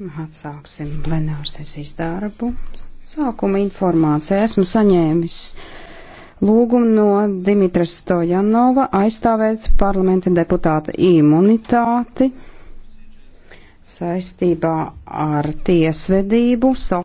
Atsāksim plenārsesijas darbu. Sākuma informācija. Esmu saņēmis lūgumu no Dimitra Stojanova aizstāvēt parlamenta deputāta imunitāti saistībā ar tiesvedību.